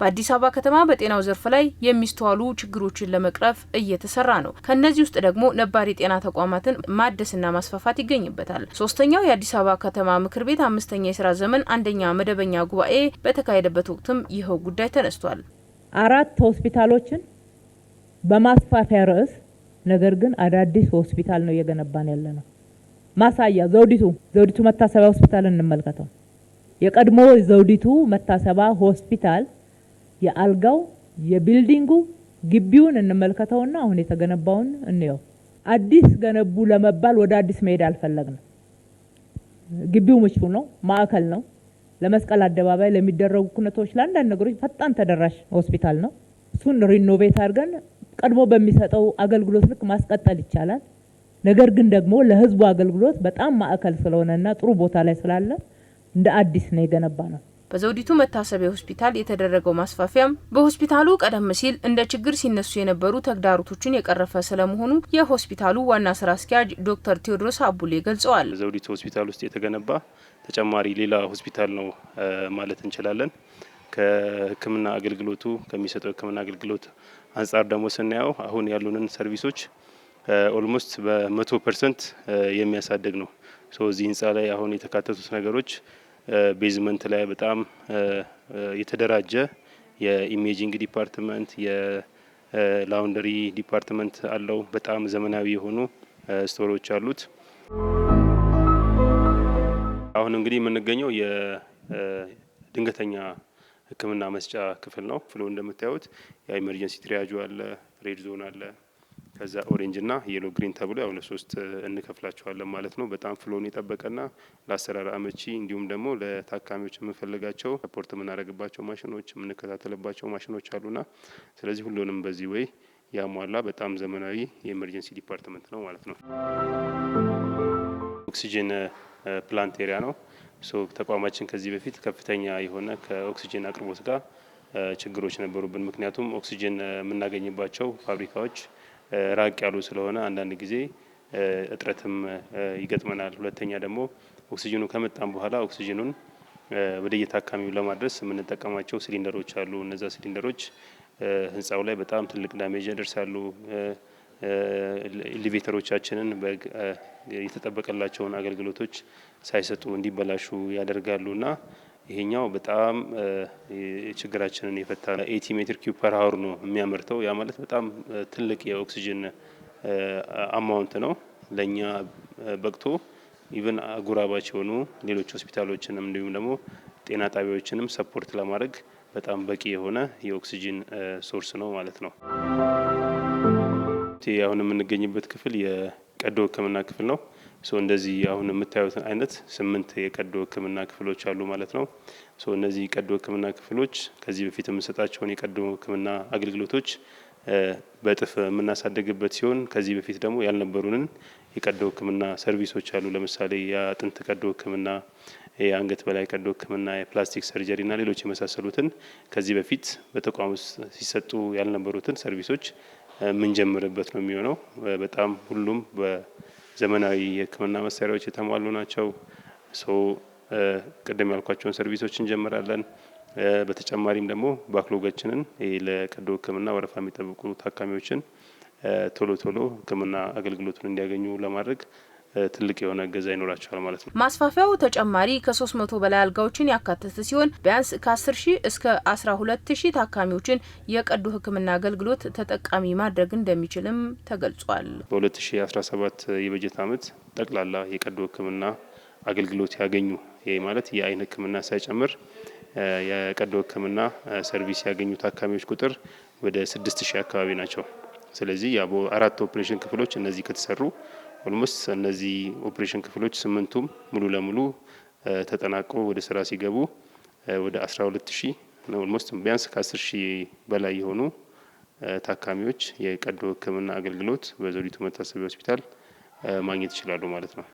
በአዲስ አበባ ከተማ በጤናው ዘርፍ ላይ የሚስተዋሉ ችግሮችን ለመቅረፍ እየተሰራ ነው። ከእነዚህ ውስጥ ደግሞ ነባር የጤና ተቋማትን ማደስና ማስፋፋት ይገኝበታል። ሶስተኛው የአዲስ አበባ ከተማ ምክር ቤት አምስተኛ የስራ ዘመን አንደኛ መደበኛ ጉባኤ በተካሄደበት ወቅትም ይኸው ጉዳይ ተነስቷል። አራት ሆስፒታሎችን በማስፋፊያ ርዕስ ነገር ግን አዳዲስ ሆስፒታል ነው እየገነባን ያለ ነው። ማሳያ ዘውዲቱ ዘውዲቱ መታሰቢያ ሆስፒታል እንመልከተው። የቀድሞ ዘውዲቱ መታሰቢያ ሆስፒታል የአልጋው የቢልዲንጉ ግቢውን እንመልከተውና አሁን የተገነባውን እንየው። አዲስ ገነቡ ለመባል ወደ አዲስ መሄድ አልፈለግንም። ግቢው ምቹ ነው፣ ማዕከል ነው፣ ለመስቀል አደባባይ ለሚደረጉ ኩነቶች፣ ለአንዳንድ ነገሮች ፈጣን ተደራሽ ሆስፒታል ነው። እሱን ሪኖቬት አድርገን ቀድሞ በሚሰጠው አገልግሎት ልክ ማስቀጠል ይቻላል። ነገር ግን ደግሞ ለህዝቡ አገልግሎት በጣም ማዕከል ስለሆነና ጥሩ ቦታ ላይ ስላለ እንደ አዲስ ነው የገነባ ነው። በዘውዲቱ መታሰቢያ ሆስፒታል የተደረገው ማስፋፊያም በሆስፒታሉ ቀደም ሲል እንደ ችግር ሲነሱ የነበሩ ተግዳሮቶችን የቀረፈ ስለመሆኑ የሆስፒታሉ ዋና ስራ አስኪያጅ ዶክተር ቴዎድሮስ አቡሌ ገልጸዋል። በዘውዲቱ ሆስፒታል ውስጥ የተገነባ ተጨማሪ ሌላ ሆስፒታል ነው ማለት እንችላለን። ከሕክምና አገልግሎቱ ከሚሰጠው ሕክምና አገልግሎት አንጻር ደግሞ ስናየው አሁን ያሉንን ሰርቪሶች ኦልሞስት በመቶ ፐርሰንት የሚያሳድግ ነው። እዚህ ህንፃ ላይ አሁን የተካተቱት ነገሮች ቤዝመንት ላይ በጣም የተደራጀ የኢሜጂንግ ዲፓርትመንት የላውንደሪ ዲፓርትመንት አለው። በጣም ዘመናዊ የሆኑ ስቶሮች አሉት። አሁን እንግዲህ የምንገኘው የድንገተኛ ሕክምና መስጫ ክፍል ነው። ፍሎ እንደምታዩት የኢመርጀንሲ ትሪያጁ አለ፣ ሬድ ዞን አለ ከዛ ኦሬንጅ ና የሎ ግሪን ተብሎ ያው ለሶስት እንከፍላቸዋለን ማለት ነው። በጣም ፍሎን የጠበቀ ና ለአሰራር አመቺ እንዲሁም ደግሞ ለታካሚዎች የምንፈልጋቸው ሰፖርት የምናደርግባቸው ማሽኖች የምንከታተልባቸው ማሽኖች ና ስለዚህ ሁሉንም በዚህ ወይ ያሟላ በጣም ዘመናዊ የኤመርጀንሲ ዲፓርትመንት ነው ማለት ነው። ኦክሲጅን ፕላንት ኤሪያ ነው። ሶ ተቋማችን ከዚህ በፊት ከፍተኛ የሆነ ከኦክሲጅን አቅርቦት ጋር ችግሮች ነበሩብን። ምክንያቱም ኦክሲጅን የምናገኝባቸው ፋብሪካዎች ራቅ ያሉ ስለሆነ አንዳንድ ጊዜ እጥረትም ይገጥመናል። ሁለተኛ ደግሞ ኦክሲጅኑ ከመጣም በኋላ ኦክሲጅኑን ወደ የታካሚው ለማድረስ የምንጠቀማቸው ሲሊንደሮች አሉ። እነዛ ሲሊንደሮች ህንፃው ላይ በጣም ትልቅ ዳሜጅ ያደርሳሉ። ኢሊቬተሮቻችንን የተጠበቀላቸውን አገልግሎቶች ሳይሰጡ እንዲበላሹ ያደርጋሉ እና ይሄኛው በጣም ችግራችንን የፈታ ኤቲ ሜትር ኪዩብ ፐር ነው የሚያመርተው። ያ ማለት በጣም ትልቅ የኦክሲጅን አማውንት ነው ለእኛ በቅቶ ኢቨን አጉራባች የሆኑ ሌሎች ሆስፒታሎችንም እንዲሁም ደግሞ ጤና ጣቢያዎችንም ሰፖርት ለማድረግ በጣም በቂ የሆነ የኦክሲጂን ሶርስ ነው ማለት ነው። አሁን የምንገኝበት ክፍል የቀዶ ሕክምና ክፍል ነው። እንደዚህ አሁን የምታዩትን አይነት ስምንት የቀዶ ህክምና ክፍሎች አሉ ማለት ነው። እነዚህ የቀዶ ህክምና ክፍሎች ከዚህ በፊት የምንሰጣቸውን የቀዶ ህክምና አገልግሎቶች በእጥፍ የምናሳደግበት ሲሆን ከዚህ በፊት ደግሞ ያልነበሩንን የቀዶ ህክምና ሰርቪሶች አሉ። ለምሳሌ የአጥንት ቀዶ ህክምና የአንገት በላይ ቀዶ ህክምና የፕላስቲክ ሰርጀሪ እና ሌሎች የመሳሰሉትን ከዚህ በፊት በተቋም ውስጥ ሲሰጡ ያልነበሩትን ሰርቪሶች የምንጀምርበት ነው የሚሆነው በጣም ሁሉም ዘመናዊ የህክምና መሳሪያዎች የተሟሉ ናቸው። ቅድም ያልኳቸውን ሰርቪሶች እንጀምራለን። በተጨማሪም ደግሞ ባክሎጋችንን ለቀዶ ህክምና ወረፋ የሚጠብቁ ታካሚዎችን ቶሎ ቶሎ ህክምና አገልግሎቱን እንዲያገኙ ለማድረግ ትልቅ የሆነ እገዛ ይኖራቸዋል ማለት ነው። ማስፋፊያው ተጨማሪ ከሶስት መቶ በላይ አልጋዎችን ያካተተ ሲሆን ቢያንስ ከ10 ሺህ እስከ 12 ሺህ ታካሚዎችን የቀዶ ሕክምና አገልግሎት ተጠቃሚ ማድረግ እንደሚችልም ተገልጿል አስራ በ2017 የበጀት ዓመት ጠቅላላ የቀዶ ሕክምና አገልግሎት ያገኙ ይህ ማለት የአይን ሕክምና ሳይጨምር የቀዶ ሕክምና ሰርቪስ ያገኙ ታካሚዎች ቁጥር ወደ ሺህ አካባቢ ናቸው። ስለዚህ አራት ኦፕሬሽን ክፍሎች እነዚህ ከተሰሩ ኦልሞስት እነዚህ ኦፕሬሽን ክፍሎች ስምንቱም ሙሉ ለሙሉ ተጠናቆ ወደ ስራ ሲገቡ ወደ 12 ሺህ ነው ኦልሞስት ቢያንስ ከ10 ሺህ በላይ የሆኑ ታካሚዎች የቀዶ ሕክምና አገልግሎት በዘውዲቱ መታሰቢያ ሆስፒታል ማግኘት ይችላሉ ማለት ነው።